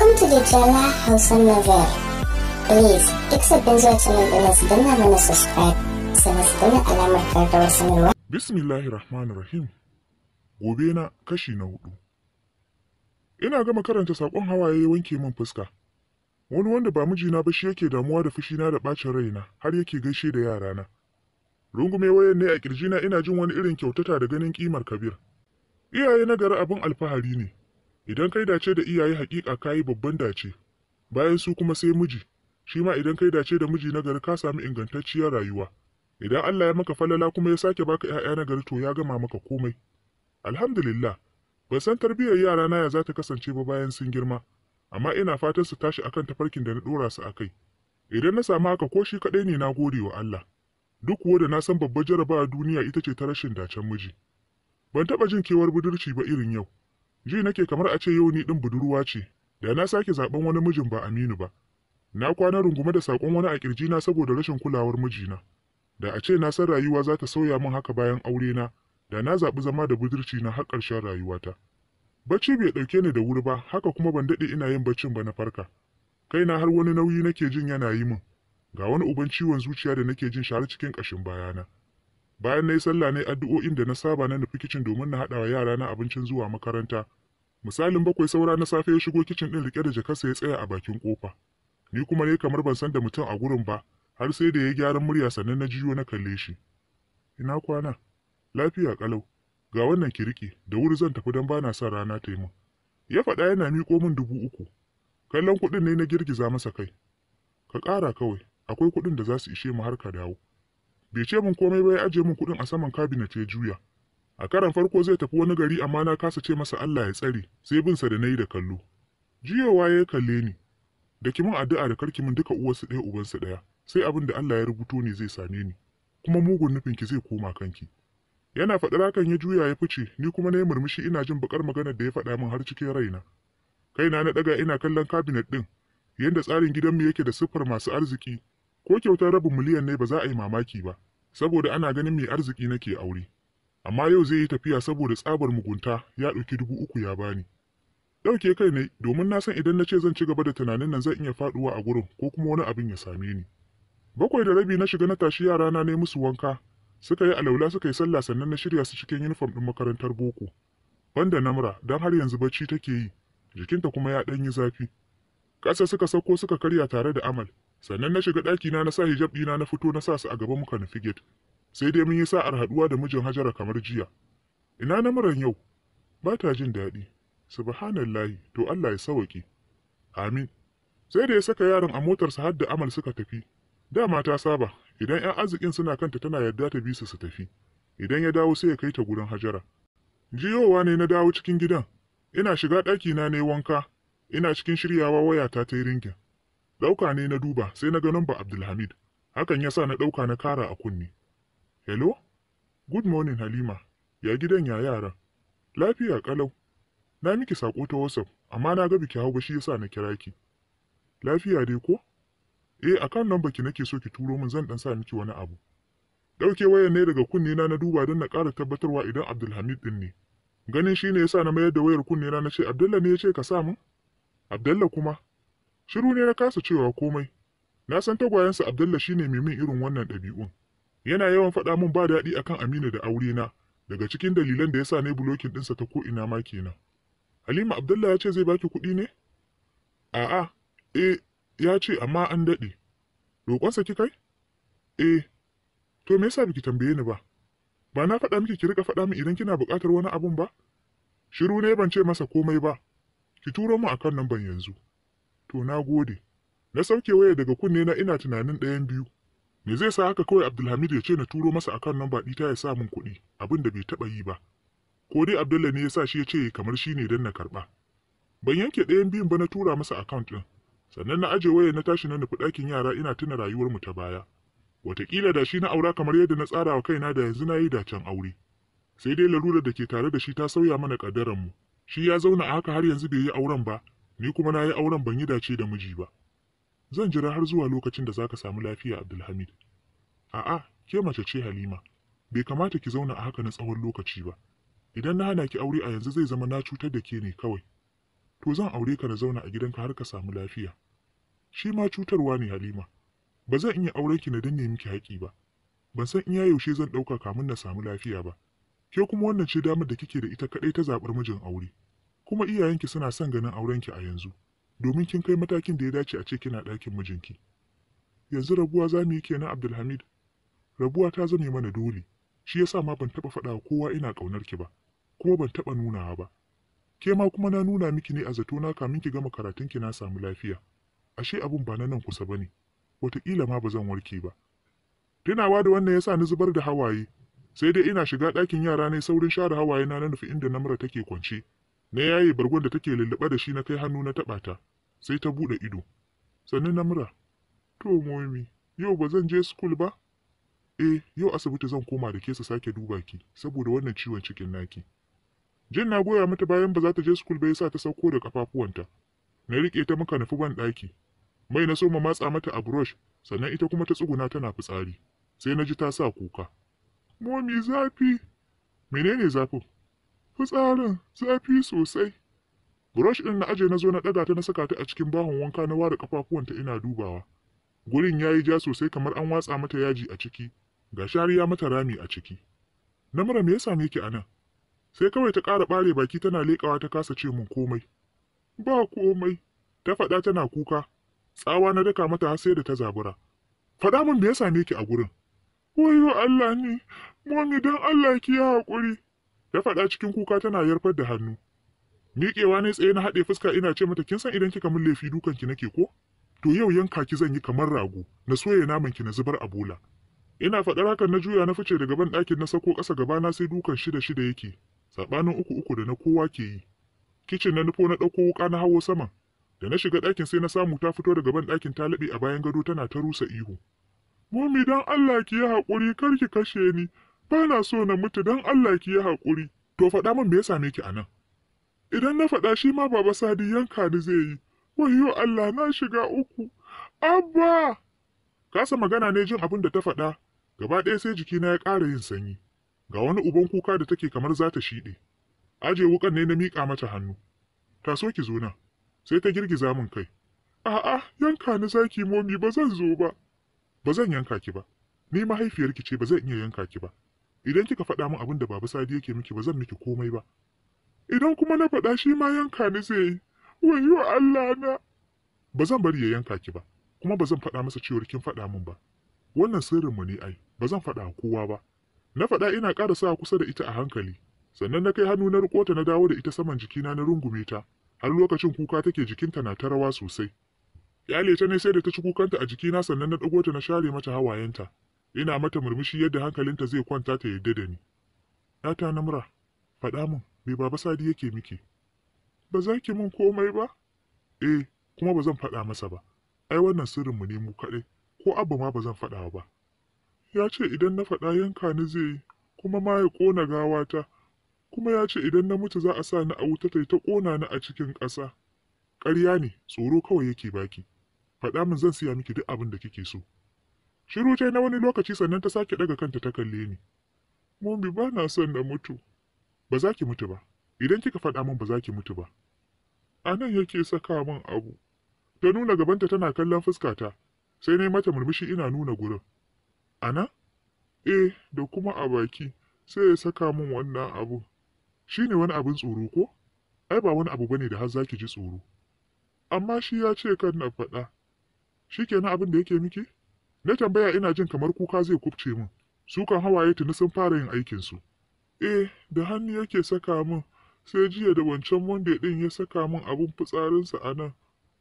Welcome to the Jella Hausa Lover. Please, duk sabbin zuwa channel da nasu danna mana subscribe, sannan su danna alamar karkar sanarwa. Bismillahir Rahmanir Rahim. Gobe na kashi na hudu. Ina gama karanta sakon hawaye wanke min fuska. Wani wanda ba mijina ba shi yake damuwa da fushina da bacin na, har yake gaishe da yarana. Rungume wayan ne a kirjina ina jin wani irin kyautata da ganin kimar Kabir. Iyaye na gari abin alfahari ne. Idan kai dace da iyaye hakika ka yi babban dace, bayan su kuma sai miji, shi ma idan kai dace da miji na gari ka sami ingantacciyar rayuwa. Idan Allah ya maka falala kuma ya sake baka ‘ya'ya na gari to ya gama maka komai. Alhamdulillah, ban san tarbiyyar yara na ya za ta kasance ba bayan sun girma, amma ina fatan su tashi akan tafarkin da na ɗora su a kai. Idan na samu haka ko shi kaɗai ne na gode wa Allah. Duk wanda na san babbar jarabawa duniya ita ce ta rashin dacen miji. Ban taɓa jin kewar budurci ba irin yau. Ji nake kamar a ce yau ni ɗin budurwa ce, da na sake zaben wani mijin ba Aminu ba. Na kwana rungume da saƙon wani a ƙirjina saboda rashin kulawar mijina. Da a ce na san rayuwa za ta sauya min haka bayan aure na, da na zaɓi zama da budurci na har ƙarshen rayuwata. Bacci bai ɗauke ni da wuri ba, haka kuma ban daɗe ina yin baccin ba na farka. kai na har wani nauyi nake jin yana yi min, ga wani uban ciwon zuciya da nake jin shi cikin ƙashin bayana. Bayan na yi sallah na yi addu'o'in da na saba na nufi kicin domin na haɗa wa yara na abincin zuwa makaranta. Misalin bakwai saura na safe ya shigo kicin ɗin riƙe da jakarsa ya tsaya a bakin ƙofa. Ni kuma ne kamar ban san da mutum a gurin ba, har sai da ya gyaran murya sannan na jiyo na kalle shi. Ina kwana? Lafiya ƙalau. Ga wannan kiriki, da wuri zan tafi don bana son rana ta yi min. Ya faɗa yana miƙo min dubu uku. Kallon kuɗin ne na girgiza masa kai. Ka ƙara kawai, akwai kuɗin da za su ishe mu har ka dawo. bai ce min komai ba ya ajiye mun kuɗin a saman kabinet ya juya a karan farko zai tafi wani gari amma na kasa ce masa Allah ya tsare sai binsa da nayi da kallo jiyowa ya kalle ni da kimin addu'a da karkimin duka uwarsu ɗaya ubansu ɗaya sai abin da Allah ya rubuto ne zai same ni kuma mugun nufin ki zai koma kanki yana faɗar hakan ya juya ya fice ni kuma na yi murmushi ina jin bakar maganar da ya faɗa min har cikin raina kaina na ɗaga ina kallon kabinet ɗin yadda tsarin gidanmu yake da siffar masu arziki Ko kyautar rabin miliyan ne ba za a yi mamaki ba, saboda ana ganin mai arziki nake aure. Amma yau zai yi tafiya saboda tsabar mugunta ya ɗauki dubu uku ya bani. Ɗauke kai ne domin na san idan na ce zan ci gaba da tunanin nan zan iya faɗuwa a gurin ko kuma wani abin ya same ni. Bakwai da rabi na shiga na tashi yara na ne musu wanka, suka yi alaula suka yi sallah sannan na shirya su cikin yunifom ɗin makarantar boko. Banda namra dan har yanzu bacci take yi, jikinta kuma ya ɗan yi zafi. Ƙasa suka sauko suka karya tare da amal, sannan na shiga ɗakina na sa hijab ɗina na fito na sa su a gaba muka nufi gate sai dai mun yi sa'ar haɗuwa da mijin hajara kamar jiya ina na muran yau ba ta jin daɗi subhanallahi to Allah ya sawaki amin sai da ya saka yaron a motarsa har da amal suka tafi Da mata saba idan 'yan arzikin suna kanta tana yarda ta bi su su tafi idan ya dawo sai ya kai ta gurin hajara jiyowa ne na dawo cikin gidan ina shiga ɗaki na ne wanka ina cikin shiryawa wayata ta yi ringin Ɗauka ne na duba sai na ga namba Abdulhamid. Hakan ya sa na ɗauka na kara a kunni. Hello? Good morning Halima. Ya gidan ya yara Lafiya ƙalau. Na miki saƙo ta WhatsApp, amma na ga biki hau ba shi yasa na kira ki. Lafiya dai ko? Eh, akan namba ki nake so ki turo min zan ɗan sa miki wani abu. Ɗauke wayar ne daga kunne na na duba don na ƙara tabbatarwa idan Abdulhamid din ne. Ganin shi ne yasa na mayar da wayar kunne na na ce Abdullah ne ya ce ka sa min? Abdullah kuma Shiru ne na kasa cewa komai. Na san tagwayensa Abdullahi shine mai min irin wannan ɗabi'un. Yana yawan faɗa min ba daɗi akan Amina da aure na, daga cikin dalilan da ya yasa na bulokin ɗinsa ta ko ina ma kenan. Halima Abdullahi ya ce zai baki kuɗi ne? A'a, eh, ya ce amma an daɗe. Roƙonsa ki kai? Eh, to me yasa biki tambaye ni ba? Ba na faɗa miki ki riƙa faɗa min idan kina buƙatar wani abun ba? Shiru ne ban ce masa komai ba. Ki turo mu akan nan ban yanzu. To na gode. Na sauke waya daga kunne na ina tunanin ɗayan biyu. Me zai sa haka kawai Abdulhamid ya ce na turo masa akan namba ta ya sa min kuɗi, abin da bai taɓa yi ba. Ko dai Abdullahi ne ya sa shi ya ce kamar shi ne don na karɓa. Ban yanke ɗayan biyun ba na tura masa akaunt ɗin. Sannan na aje waya na tashi na nufi ɗakin yara ina tuna rayuwar mu ta baya. Wataƙila da shi na aura kamar yadda na tsara wa kaina da yanzu na yi da can aure. Sai dai larurar da ke tare da shi ta sauya mana ƙaddaran mu. Shi ya zauna a haka har yanzu bai yi auren ba, ni kuma na yi auren ban yi dace da miji ba. Zan jira har zuwa lokacin da za ka samu lafiya Abdulhamid. A'a, ke mace ce Halima, bai kamata ki zauna a haka na tsawon lokaci ba. Idan na hana ki aure a yanzu zai zama na cutar da ke ne kawai. To zan aure ka na zauna a gidanka har ka samu lafiya. Shi ma cutarwa ne Halima. Ba zan iya aure ki na danne miki haƙi ba. Ban san in ya yaushe zan ɗauka kamun na samu lafiya ba. Ke kuma wannan ce damar da kike da ita kaɗai ta zaɓar mijin aure. kuma iyayenki suna son ganin aurenki a yanzu domin kin kai matakin da ya dace a ce kina ɗakin mijinki yanzu rabuwa za mu yi kenan abdulhamid rabuwa ta zame mana dole shi ya sa ma ban taɓa faɗa kowa ina ƙaunarki ba kuma ban taɓa nunawa ba ke ma kuma na nuna miki ne a zatona kamin ki gama karatunki na samu lafiya ashe abin ba na nan kusa ba ne wataƙila ma ba zan warke ba tunawa da wannan sa ni zubar da hawaye sai dai ina shiga ɗakin yara ne saurin share hawaye na nufi inda namura take kwance na yaye bargon da take lullube da shi na kai hannu na taɓata, ta sai ta buɗe ido sannan na mura to momi yau ba zan je school ba eh yau asibiti zan koma da ke su sake duba ki saboda wannan ciwon cikin naki jin na goya mata bayan ba za ta je school ba yasa ta sauko da kafafuwanta na riƙe ta muka nufi ban daki mai na so ma matsa mata a brush sannan ita kuma ta tsuguna tana fitsari sai na ji ta sa kuka momi zafi menene zafin Fitsarin zafi sosai. Brush ɗin na aje na zo na ɗaga ta na saka ta a cikin bahon wanka na ware ƙafafuwanta ina dubawa. Gurin ya yi ja sosai kamar an watsa mata yaji a ciki, ga shariya mata rami a ciki. Namura me ya same ki a Sai kawai ta ƙara ɓare baki tana leƙawa ta kasa ce min komai. Ba komai, ta faɗa tana kuka, tsawa na daka mata har sai da ta zabura. Faɗa min me ya same ki a gurin? Wayo Allah ni ni dan Allah ki ya haƙuri. Ta faɗa cikin kuka tana yarfar da hannu. Miƙewa ne tsaye na haɗe fuska ina ce mata kin san idan kika min laifi dukan ki nake ko? To yau yanka ki zan yi kamar rago, na soya naman ki na zubar a bola. Ina faɗar hakan na juya na fice daga ban ɗakin na sako ƙasa gabana sai dukan shida shida yake, saɓanin uku uku da na kowa ke yi. Kicin na nufo na ɗauko wuƙa na hawo saman, da na shiga ɗakin sai na samu ta fito daga ban ɗakin ta laɓe a bayan gado tana ta rusa ihu. Mummy don Allah ki yi haƙuri kar ki kashe ni, ba na so na mutu don Allah ki yi haƙuri, to faɗa min me ya same ki a nan. Idan na faɗa shi ma baba sadi yanka ni zai yi, wayo Allah na shiga uku, abba! Kasa magana ne jin abin da ta faɗa, gaba ɗaya sai jikina ya ƙara yin sanyi, ga wani uban kuka da take kamar za ta shiɗe. Aje wuƙan ne na miƙa mata hannu, ta so ki zo na, sai ta girgiza min kai. A'a, yanka ni zaki momi ba zan zo ba. Ba zan yanka ki ba, ni mahaifiyarki ce ba zan iya yanka ki ba. idan kika faɗa min abin da baba sadi yake miki ba zan miki komai ba idan kuma na faɗa shi ma yanka ni zai yi wayo Allah na ba zan bari ya yanka ki ba kuma ba zan faɗa masa cewar kin faɗa min ba wannan sirrin mu ne ai ba zan faɗa kowa ba na faɗa ina ƙara sa kusa da ita a hankali sannan na kai hannu na riƙo ta na dawo da ita saman jikina na rungume ta har lokacin kuka take jikinta na ta rawa sosai yale ta ne sai da ta ci kukanta a jikina sannan na ɗago ta na share mata hawayenta ina mata murmushi yadda hankalinta zai kwanta ta yadda da ni. ‘Yata mura faɗa min, me baba sadi yake miki? Ba za ki mun komai ba? Eh, kuma ba zan faɗa masa ba. Ai wannan sirrinmu ne mu kaɗai, ko abu ma ba zan faɗa ba. Ya ce idan na faɗa yanka ni zai yi, kuma ma ya ƙona gawata, kuma ya ce idan na mutu za a sa ni a wuta ta ƙona ni a cikin ƙasa. Ƙarya ne, tsoro kawai yake baki. Faɗa min zan siya miki duk abin da kike so. Shiru ta na wani lokaci sannan ta sake daga kanta ta kalle ni. Mombi ba na son na mutu. Ba za ki mutu ba. Idan kika faɗa min ba za ki mutu ba. A nan yake saka min abu. Ta nuna gabanta tana kallon fuskata. Sai na yi mata murmushi ina nuna gurin. Ana? e, eh, da kuma a baki. Sai ya saka min wannan abu. Shi ne wani abin tsoro ko? Ai ba wani abu ba ne da har za ki ji tsoro. Amma shi ya ce kan na faɗa. Shi kenan abin da yake miki? Na tambaya ina jin kamar kuka zai kubce min. Sukan hawaye tuni sun fara yin aikin su Eh, da hannu yake saka min, sai jiya da wancan Monday ɗin ya saka min abun fitsarinsa a nan,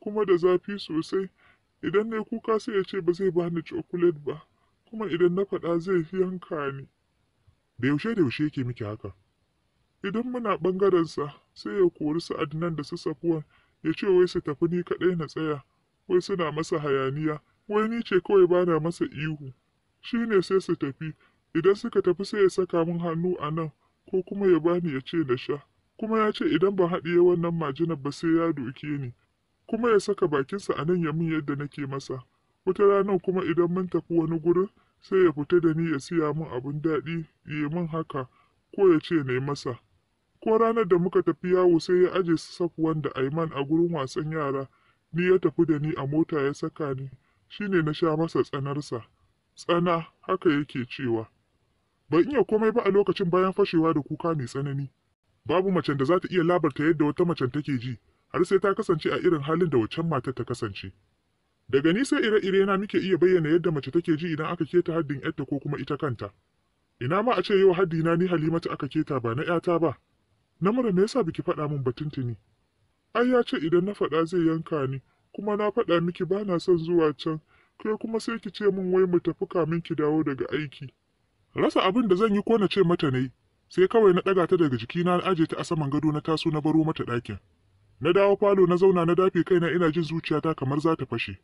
kuma da zafi sosai. Idan na kuka sai ya ce ba zai bani chocolate ba, kuma idan na faɗa zai yanka ni. Da yaushe da yaushe yake miki haka? Idan muna sa sai ya kori su Adnan da su Safuwan, ya ce wai su tafi ni kaɗai na tsaya, wai suna masa hayaniya, wai ni ce kawai ba na masa ihu shi ne sai su tafi idan suka tafi sai ya saka min hannu a nan ko kuma ya bani ya ce na sha kuma ya ce idan ba haɗiye wannan majinar ba sai ya doke ni kuma ya saka bakinsa a nan ya min yadda nake masa wata ranar kuma idan mun tafi wani gurin sai ya fita da ni ya siya min abin daɗi ya min haka ko ya ce na masa ko ranar da muka tafi yawo sai ya aje su safuwan da aiman a gurin wasan yara ni ya tafi da ni a mota ya saka ni shi ne na sha masa tsanarsa, tsana haka yake cewa. Bai iya komai ba a lokacin bayan fashewa da kuka mai tsanani. Babu macen da za ta iya labarta yadda wata macen take ji, har sai ta kasance a irin halin da waccan matar ta kasance. Daga ni sai ire-ire na muke iya bayyana yadda mace take ji idan aka keta haddin yarta ko kuma ita kanta. Ina ma a ce yau haddina ni Halimatu aka keta ba na ‘yata ba. Namura me yasa biki faɗa min batun tuni? Ai ya ce idan na faɗa zai yanka ni, kuma na faɗa miki ba na son zuwa can, kai kuma sai ki ce min wai mu tafi kamin ki dawo daga aiki. Rasa abin da zan yi ko na ce mata ne, sai kawai na ɗaga ta daga jikina na aje ta a saman gado na taso na baro mata ɗakin. Na dawo falo na zauna na dafe kaina ina jin zuciyata kamar za ta fashe.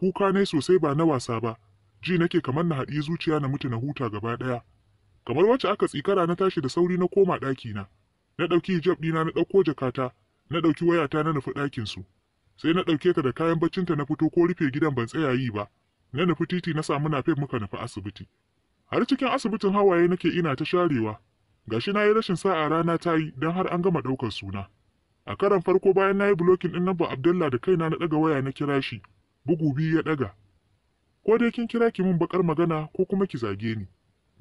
Kuka ne sosai ba na wasa ba, ji nake kamar na haɗi zuciya na mutu na huta gaba ɗaya. Kamar wacce aka tsikara na tashi da sauri na koma ɗakina. Na ɗauki hijab ɗina na ɗauko jakata, na ɗauki wayata na nufi ɗakinsu. su. sai na ɗauke ka da kayan baccinta na fito ko rufe gidan ban tsaya yi ba na nufi titi na samu nafe muka nufi asibiti har cikin asibitin hawaye nake ina ta sharewa gashi na yi rashin sa'a rana ta yi don har an gama ɗaukar suna a karan farko bayan na yi bulokin ɗin namba abdulla da kaina na ɗaga waya na kira shi bugu biyu ya ɗaga ko dai kin kira ki min bakar magana ko kuma ki zage ni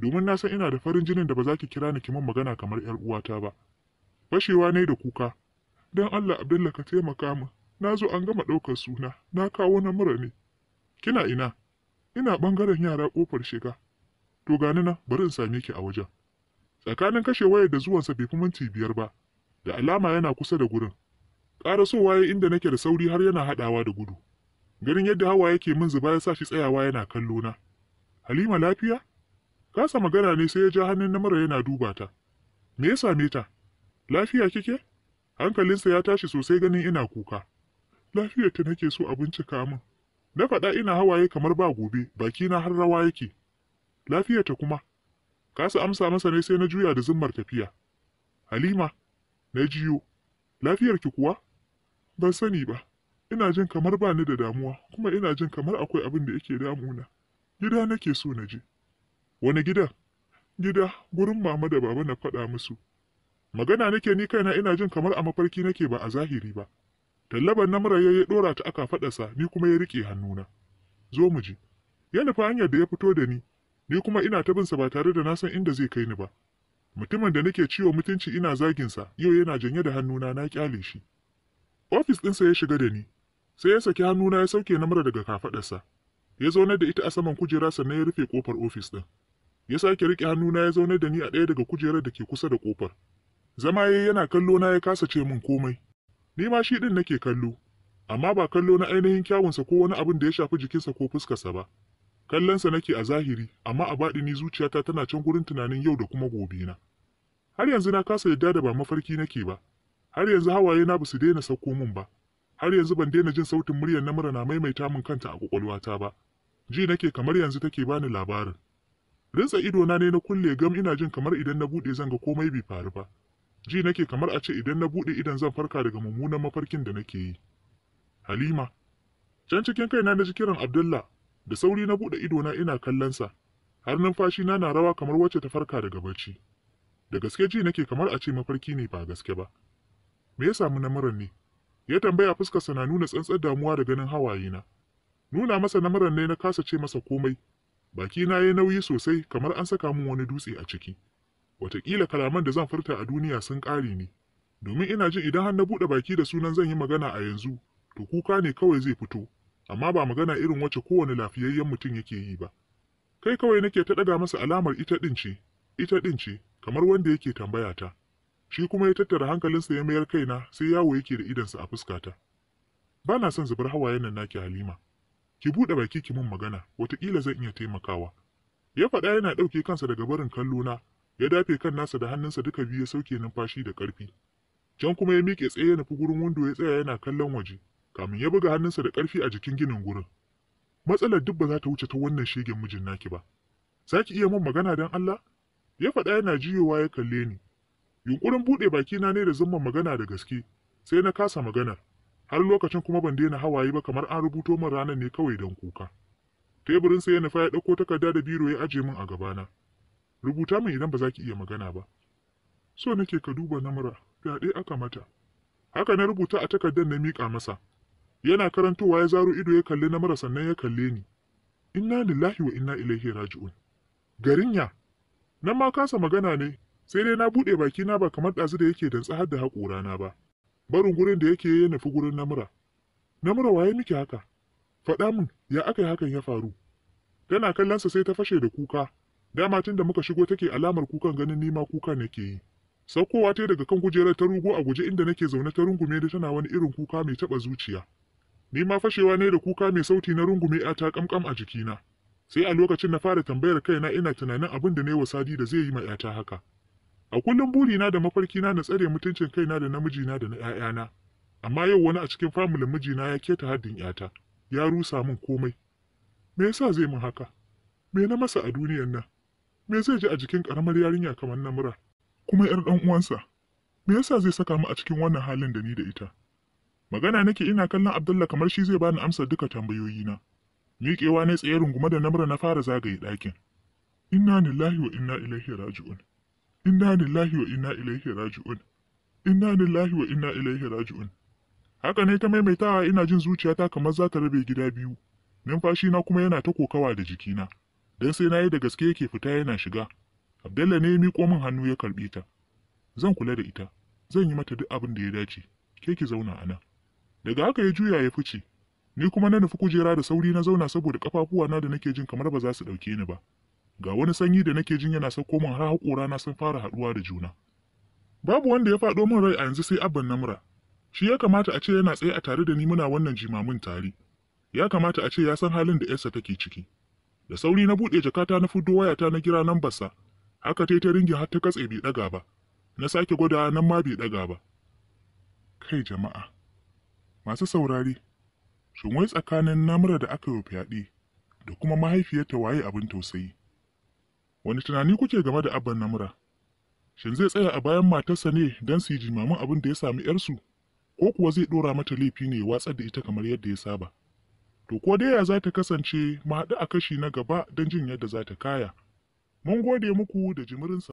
domin na san ina da farin jinin da ba za ki kira ni ki min magana kamar yar uwata ba fashewa ne da kuka don allah abdullah ka taimaka min na zo an gama ɗaukar suna, na kawo na mura ne. Kina ina? Ina ɓangaren yara ƙofar shiga. To gani na bari in same ki a wajen. Tsakanin kashe wayar da zuwansa bai fi minti biyar ba, da alama yana kusa da gurin. Ƙara Ƙarasowa ya inda nake da sauri har yana haɗawa da gudu. Ganin yadda hawa yake min zuba ya sa shi tsayawa yana kallo na. Halima lafiya? Kasa magana ne sai ya ja hannun na mara yana duba ta. Me ya same ta? Lafiya kike? Hankalinsa ya tashi sosai ganin ina kuka. lafiyarta nake so a bincika min. Na faɗa ina hawaye kamar ba gobe, bakina har rawa yake. lafiyar ta kuma, kasa amsa masa ne sai na juya da zimmar tafiya. Halima, na jiyo, Lafiyar ki kuwa? Ban sani ba, ina jin kamar ba ni da damuwa, kuma ina jin kamar akwai abin da yake damuna. Gida nake so na je. Wani gida Gida, gurin mama da baba na faɗa musu. Magana nake ni kaina ina jin kamar a mafarki nake ba a zahiri ba. Tallaban na mura ya ɗorata ta aka sa, ni kuma ya riƙe hannuna. Zo mu ji. Ya nufa hanyar da ya fito da ni, ni kuma ina ta binsa ba tare da na san inda zai kai ni ba. Mutumin da nake ciwo mutunci ina zaginsa, yau yana janye da hannuna na kyale shi. Ofis ɗinsa ya shiga da ni, sai ya saki hannuna ya sauke namura daga kafaɗarsa. Ya zaunar da ita a saman kujera sannan ya rufe ƙofar ofis ɗin. Ya sake riƙe hannuna ya zaunar da ni a ɗaya daga kujerar da ke kusa da ƙofar. Zama yayi yana kallo na ya kasace min komai. Ni ma shi ɗin nake kallo, amma ba kallo na ainihin kyawunsa ko wani abin da ya shafi jikinsa ko fuskarsa ba. Kallonsa nake a zahiri, amma a baɗi ni zuciyata tana can gurin tunanin yau da kuma gobe na. Har yanzu na kasa yadda da ba mafarki nake ba. Har yanzu hawaye na su daina sauko min ba. Har yanzu ban daina jin sautin muryar namura na maimaita min kanta a kwakwalwata ba. Ji nake kamar yanzu take bani labarin. Rinsa na ne na kulle gam ina jin kamar idan na buɗe zanga komai bai faru ba. ji nake kamar a ce idan na bude idan zan farka daga mummunan mafarkin da nake yi halima can cikin kaina na ji kiran abdullah da sauri na buɗe na ina kallonsa har numfashi na rawa kamar wacce ta farka daga bacci da gaske ji nake kamar a ce mafarki ne ba gaske ba me ya samu namaran ne ya tambaya fuskarsa na nuna tsantsar damuwa da ganin hawayena nuna masa namaran ne na kasa ce masa komai baki na yayi nauyi sosai kamar an saka min wani dutse a ciki Wataƙila kalaman da zan furta a duniya sun ƙare ne, domin ina jin idan har na buɗe baki da sunan zan yi magana a yanzu, to kuka ne kawai zai fito, amma ba magana irin wacce kowane lafiyayyen mutum yake yi ba. Kai kawai nake ta ɗaga masa alamar ita ɗin ce, ita ɗin ce, kamar wanda yake tambaya ta. Shi kuma ya tattara hankalinsa ya mayar kaina sai yawo yake da idonsa a fuskata. Ba na son zubar hawayen nan naki Halima. Ki buɗe baki ki mun magana, wataƙila zan iya taimakawa. Ya faɗa yana ɗauke kansa daga barin kallo na, ya dafe kan nasa da hannunsa duka biyu ya sauke numfashi da ƙarfi. Can kuma ya miƙe tsaye ya nufi gurin wando ya tsaya yana kallon waje, kamin ya buga hannunsa da ƙarfi a jikin ginin gurin. Matsalar duk ba za ta wuce ta wannan shegen mijin naki ba. Za ki iya min magana don Allah? Ya faɗa yana jiyowa ya kalle ni. Yunƙurin buɗe bakina ne da zumman magana da gaske, sai na kasa magana. Har lokacin kuma ban daina hawaye ba kamar an rubuto min ranar ne kawai don kuka. Teburin sai ya nufa ya ɗauko takarda da biro ya ajiye min a gabana. rubuta min idan ba za ki iya magana ba so nake ka duba namura fyaɗe aka mata haka na rubuta a takardar na miƙa masa yana karantowa ya zaro ido ya kalli namura sannan ya kalle ni inna lillahi wa inna ilaihi raji'un garinya nan ma kasa magana ne sai dai na buɗe baki na ba kamar ɗazu da yake da tsahar da na ba barin gurin da yake ya nufi gurin namura namura waye miki haka faɗa min ya aka yi hakan ya faru tana kallonsa sai ta fashe da kuka Dama tun da muka shigo take alamar kukan ganin nima kuka nake yi. Saukowa ta daga kan kujerar ta rugo a guje inda nake zaune ta rungume da tana wani irin kuka mai taɓa zuciya. Nima fashewa ne da kuka mai sauti na rungume ta kamkam a jikina. Sai a lokacin na fara tambayar kaina ina tunanin abin da na yi wa Sadi da zai yi ma ta haka. A kullum burina da mafarkina na tsare mutuncin kaina da na da na 'ya'yana. Amma yau wani a cikin familin mijina ya keta haddin 'yata. Ya rusa min komai. Me yasa zai min haka? Me na masa a duniyar nan? me zai ji a jikin ƙaramar yarinya kamar na mura kuma ‘yar ɗan uwansa me yasa zai saka mu a cikin wannan halin da ni da ita magana nake ina kallon Abdullahi kamar shi zai bani amsar duka tambayoyina miƙewa ne tsaye runguma da namura na fara zagaye ɗakin inna lillahi wa inna ilaihi raji'un inna lillahi wa inna ilaihi raji'un inna lillahi wa inna ilaihi raji'un haka ne ta maimaitawa ina jin zuciyata kamar za ta rabe gida biyu numfashi na kuma yana ta kokawa da jikina don sai na yi da gaske yake fita yana shiga abdalla ne ya miƙo min hannu ya karɓe ta zan kula da ita zan yi mata duk abin da ya dace ke ki zauna a nan daga haka ya juya ya fice ni kuma na nufi kujera da sauri na zauna saboda na da nake jin kamar ba za su ɗauke ni ba ga wani sanyi da nake jin yana sauko min har haƙora na sun fara haɗuwa da juna babu wanda ya faɗo min rai a yanzu sai abban nam'ura. shi ya kamata a ce yana tsaye a tare da ni muna wannan jimamin tare ya kamata a ce ya san halin da yarsa take ciki Da sauri na buɗe jakata na fuddo wayata na kira nan basa. Haka ta ta ringi har ta katse bai ɗaga ba. Na sake gwada nan ma bai ɗaga ba. Kai jama'a. Masu saurari, shin wai tsakanin namura da aka yi fyaɗe da kuma mahaifiyarta waye abin tausayi? Wani tunani kuke game da abban namura? Shin zai tsaya a bayan matarsa ne don su yi jimamin abin da ya sami 'yarsu? Ko kuwa zai ɗora mata laifi ne watsar da ita kamar yadda ya saba? To ko dai ya za ta kasance ma haɗu a kashi na gaba don jin yadda za ta kaya. Mun gode muku da jimirinsa.